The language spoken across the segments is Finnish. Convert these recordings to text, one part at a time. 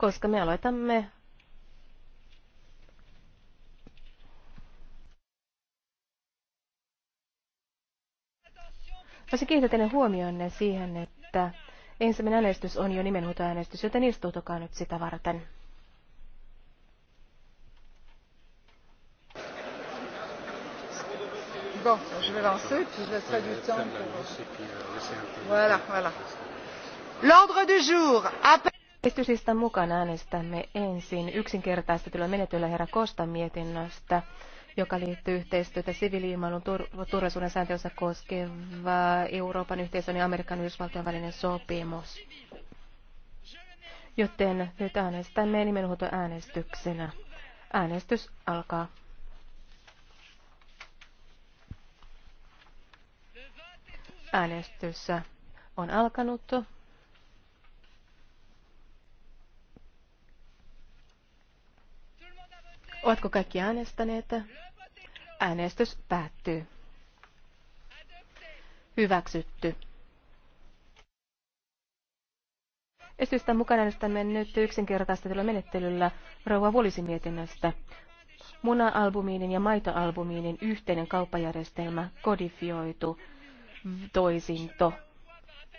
koska me aloitamme Voisin kiinnittää teidän huomionne siihen, että ensimmäinen äänestys on jo nimenhuutoäänestys, joten istuutukaa nyt sitä varten. Bon, je vais lancer, puis je laisserai du temps pour... Voilà, voilà. L'ordre du jour Esityslistan mukaan äänestämme ensin yksinkertaistetulla menetyllä herra Kostan mietinnöstä, joka liittyy yhteistyötä siviiliimailun tur- turvallisuuden sääntöönsä koskeva Euroopan yhteisön ja Amerikan ja Yhdysvaltojen välinen sopimus. Joten nyt äänestämme äänestyksenä. Äänestys alkaa. Äänestys on alkanut. Ovatko kaikki äänestäneet? Äänestys päättyy. Hyväksytty. Esitystä mukana äänestämme nyt yksinkertaistetulla menettelyllä Rouva Vuolisi mietinnöstä. Muna-albumiinin ja maitoalbumiinin yhteinen kauppajärjestelmä kodifioitu toisinto.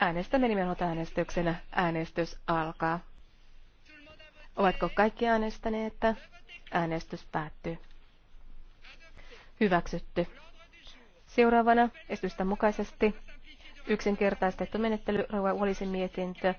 Äänestämme nimenomaan äänestyksenä. Äänestys alkaa. Ovatko kaikki äänestäneet? Äänestys päättyy. Hyväksytty. Seuraavana esitystä mukaisesti yksinkertaistettu menettely Rauha Wallisin mietintö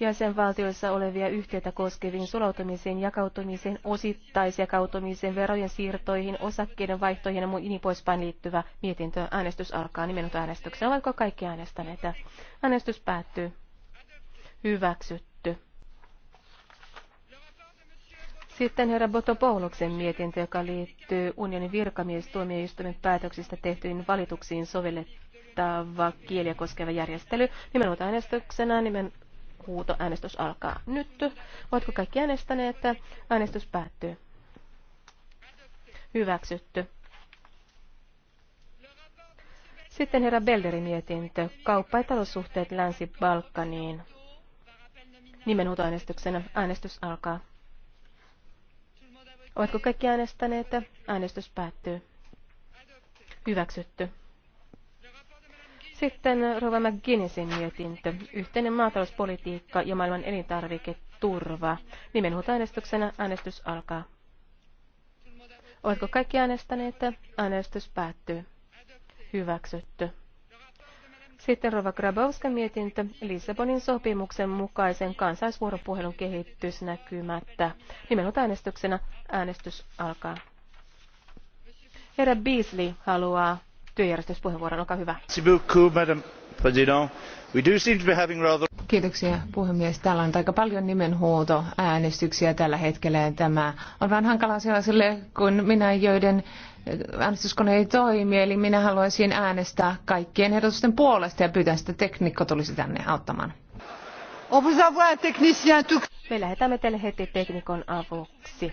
jäsenvaltioissa olevia yhtiöitä koskeviin sulautumisiin, jakautumisiin, osittaisjakautumisiin, verojen siirtoihin, osakkeiden vaihtoihin ja niin poispäin liittyvä mietintö. Äänestys alkaa nimenomaan äänestyksen. Oletko kaikki äänestäneet? Äänestys päättyy. Hyväksytty. Sitten herra Botopouloksen mietintö, joka liittyy unionin virkamiestuomioistuimen päätöksistä tehtyihin valituksiin sovellettava kieliä koskeva järjestely. Nimenhuuto äänestyksenä, nimen huuto äänestys alkaa nyt. Oletko kaikki äänestäneet? Äänestys päättyy. Hyväksytty. Sitten herra Belderin mietintö. Kauppa- ja taloussuhteet Länsi-Balkaniin. Nimenhuutoäänestyksenä äänestys alkaa. Oletko kaikki äänestäneet? Äänestys päättyy. Hyväksytty. Sitten Rova McGinnisin mietintö. Yhteinen maatalouspolitiikka ja maailman elintarviketurva. äänestyksenä. äänestys alkaa. Oletko kaikki äänestäneet? Äänestys päättyy. Hyväksytty. Sitten Rova Grabowska mietintö Lissabonin sopimuksen mukaisen kansaisvuoropuhelun näkymättä. Nimenot äänestyksenä äänestys alkaa. Herra Beasley haluaa työjärjestyspuheenvuoron, olkaa hyvä. Merci beaucoup, madame. Kiitoksia puhemies. Täällä on aika paljon nimenhuuto äänestyksiä tällä hetkellä. Tämä on vähän hankalaa sellaisille kuin minä, joiden äänestyskone ei toimi. Eli minä haluaisin äänestää kaikkien ehdotusten puolesta ja pyytän, että teknikko tulisi tänne auttamaan. Me lähetämme teille heti teknikon avuksi.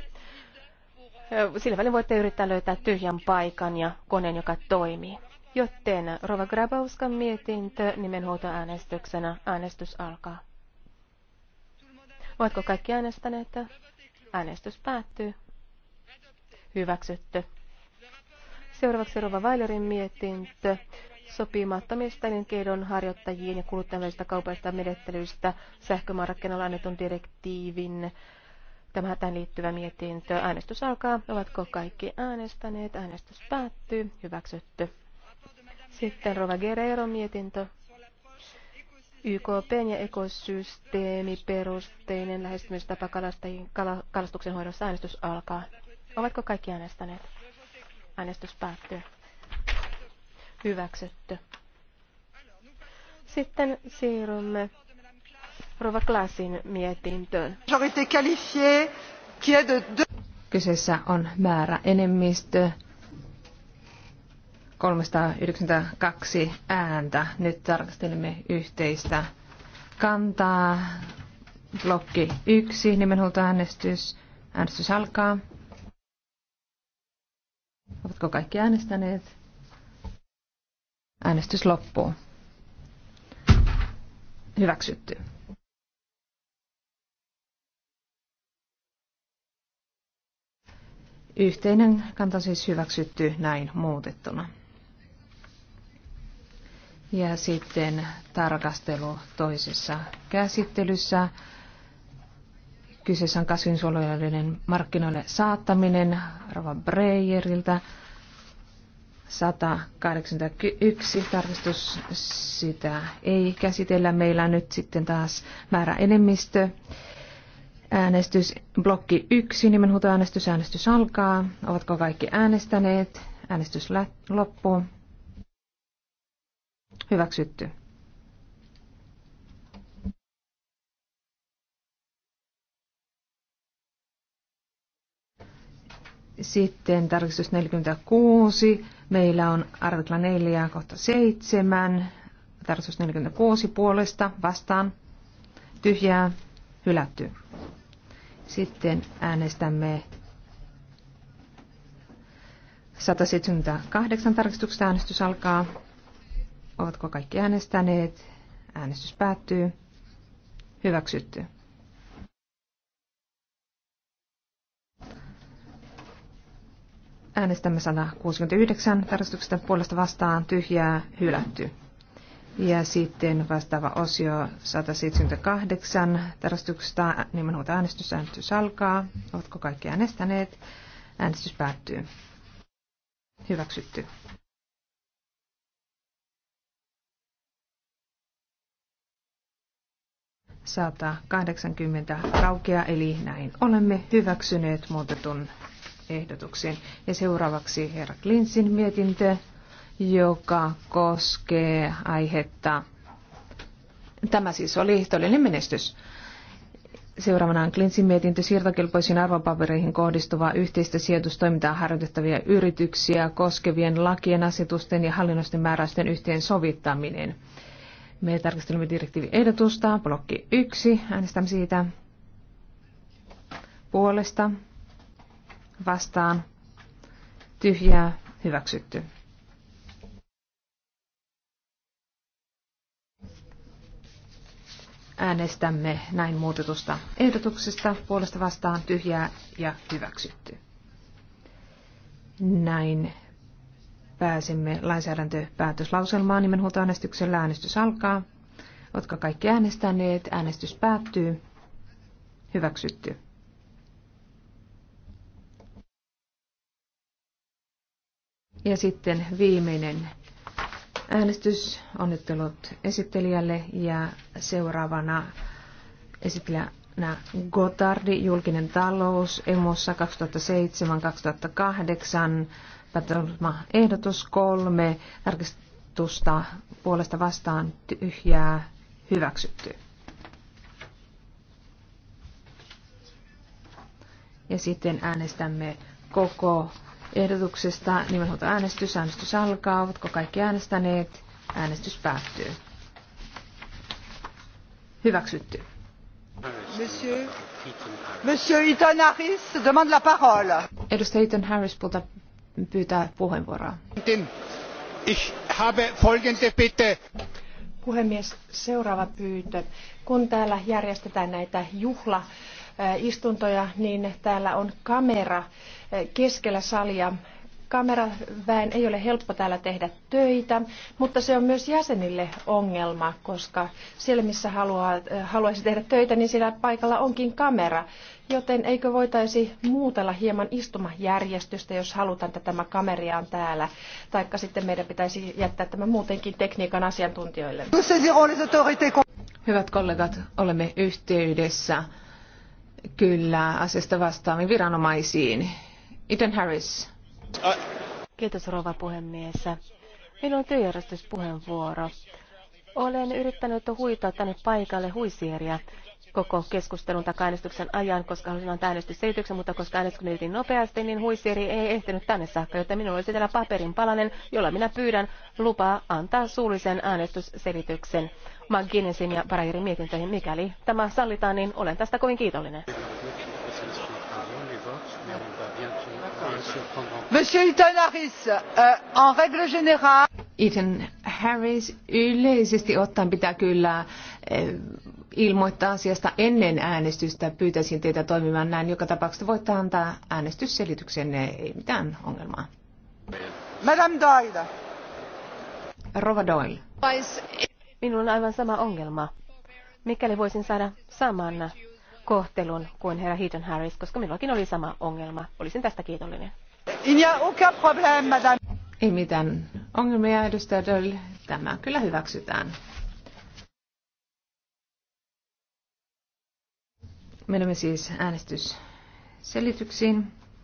Sillä välin voitte yrittää löytää tyhjän paikan ja koneen, joka toimii. Joten Rova Grabauskan mietintö nimenhuoltoäänestyksenä. Äänestys alkaa. Oletko kaikki äänestäneet? Äänestys päättyy. Hyväksytty. Seuraavaksi Rova Weilerin mietintö sopimattomista elinkeidon harjoittajien ja kuluttajien kaupallista menettelyistä sähkömarkkinoilla annetun direktiivin Tämä tähän liittyvä mietintö. Äänestys alkaa. Ovatko kaikki äänestäneet? Äänestys päättyy. Hyväksytty. Sitten Rova Guerrero mietintö. YKP ja perusteinen lähestymistapa kalastuksen hoidossa äänestys alkaa. Ovatko kaikki äänestäneet? Äänestys päättyy. Hyväksytty. Sitten siirrymme Rova Glassin mietintöön. Kyseessä on määrä enemmistö 392 ääntä. Nyt tarkastelemme yhteistä kantaa. Blokki 1, nimenhuoltoäänestys. Äänestys alkaa. Ovatko kaikki äänestäneet? Äänestys loppuu. Hyväksytty. Yhteinen kanta siis hyväksytty näin muutettuna. Ja sitten tarkastelu toisessa käsittelyssä. Kyseessä on kasvinsuojelujen markkinoille saattaminen Rova Breyeriltä. 181 tarkistus, sitä ei käsitellä. Meillä nyt sitten taas määräenemmistö. enemmistö Äänestys blokki 1, nimenhuutoäänestys, äänestys alkaa. Ovatko kaikki äänestäneet? Äänestys loppuu. Hyväksytty. Sitten tarkistus 46. Meillä on artikla 4 kohta 7. Tarkistus 46 puolesta vastaan. Tyhjää. Hylätty. Sitten äänestämme 178 tarkistuksesta äänestys alkaa. Ovatko kaikki äänestäneet? Äänestys päättyy. Hyväksytty. Äänestämme 169 tarkistuksesta puolesta vastaan tyhjää hylätty. Ja sitten vastaava osio 178 tarkastuksesta nimenomaan äänestysääntys alkaa. Oletko kaikki äänestäneet? Äänestys päättyy. Hyväksytty. Saata 80 raukea, eli näin olemme hyväksyneet muutetun ehdotuksen. Ja seuraavaksi herra Klinsin mietintö joka koskee aihetta. Tämä siis oli todellinen menestys. Seuraavana on Klinsin mietintö siirtokelpoisiin arvopapereihin kohdistuvaa yhteistä sijoitustoimintaa harjoitettavia yrityksiä koskevien lakien, asetusten ja hallinnosten määräysten yhteensovittaminen. Me tarkastelemme ehdotusta. blokki 1, äänestämme siitä puolesta, vastaan, tyhjää, hyväksytty. Äänestämme näin muutetusta ehdotuksesta puolesta vastaan tyhjää ja hyväksytty. Näin pääsemme lainsäädäntöpäätöslauselmaan nimenhuoltoäänestyksellä. Äänestys alkaa. Otka kaikki äänestäneet. Äänestys päättyy. Hyväksytty. Ja sitten viimeinen äänestys. Onnittelut esittelijälle ja seuraavana esittelijänä Gotardi, julkinen talous, emossa 2007-2008, päätelmä ehdotus kolme, tarkistusta puolesta vastaan tyhjää, hyväksytty. Ja sitten äänestämme koko ehdotuksesta nimenhuolto äänestys. Äänestys alkaa. Ovatko kaikki äänestäneet? Äänestys päättyy. Hyväksytty. Monsieur, Monsieur Ethan Harris demande la parole. Edustaja Ethan Harris puolta pyytää puheenvuoroa. Ich habe folgende bitte. Puhemies, seuraava pyyntö. Kun täällä järjestetään näitä juhla istuntoja, niin täällä on kamera keskellä salia. Kameraväen ei ole helppo täällä tehdä töitä, mutta se on myös jäsenille ongelma, koska siellä missä haluaa, haluaisi tehdä töitä, niin siellä paikalla onkin kamera. Joten eikö voitaisi muutella hieman istumajärjestystä, jos halutaan, että tämä kameria on täällä, taikka sitten meidän pitäisi jättää tämä muutenkin tekniikan asiantuntijoille. Hyvät kollegat, olemme yhteydessä kyllä asiasta vastaaviin viranomaisiin. Iten Harris. Kiitos rouva puhemies. Minun on työjärjestyspuheenvuoro. Olen yrittänyt huitaa tänne paikalle huisieriä koko keskustelun tai äänestyksen ajan, koska halusin antaa äänestysselityksen, mutta koska äänestys meni nopeasti, niin huisieri ei ehtinyt tänne saakka, joten minulla olisi täällä paperin palanen, jolla minä pyydän lupaa antaa suullisen äänestysselityksen McGuinnessin ja Barajerin mietintöihin. Mikäli tämä sallitaan, niin olen tästä kovin kiitollinen. Monsieur Hilton Harris, euh, en règle générale... Ethan Harris yleisesti ottaen pitää kyllä eh, ilmoittaa asiasta ennen äänestystä. Pyytäisin teitä toimimaan näin. Joka tapauksessa voitte antaa äänestysselityksen, eh, ei mitään ongelmaa. Madame Doyle. Rova Doyle. Minulla on aivan sama ongelma. Mikäli voisin saada saman kohtelun kuin herra Heaton Harris, koska minullakin oli sama ongelma. Olisin tästä kiitollinen. Ei mitään ongelmia, edustaja Döll. Tämä kyllä hyväksytään. Menemme siis äänestysselityksiin.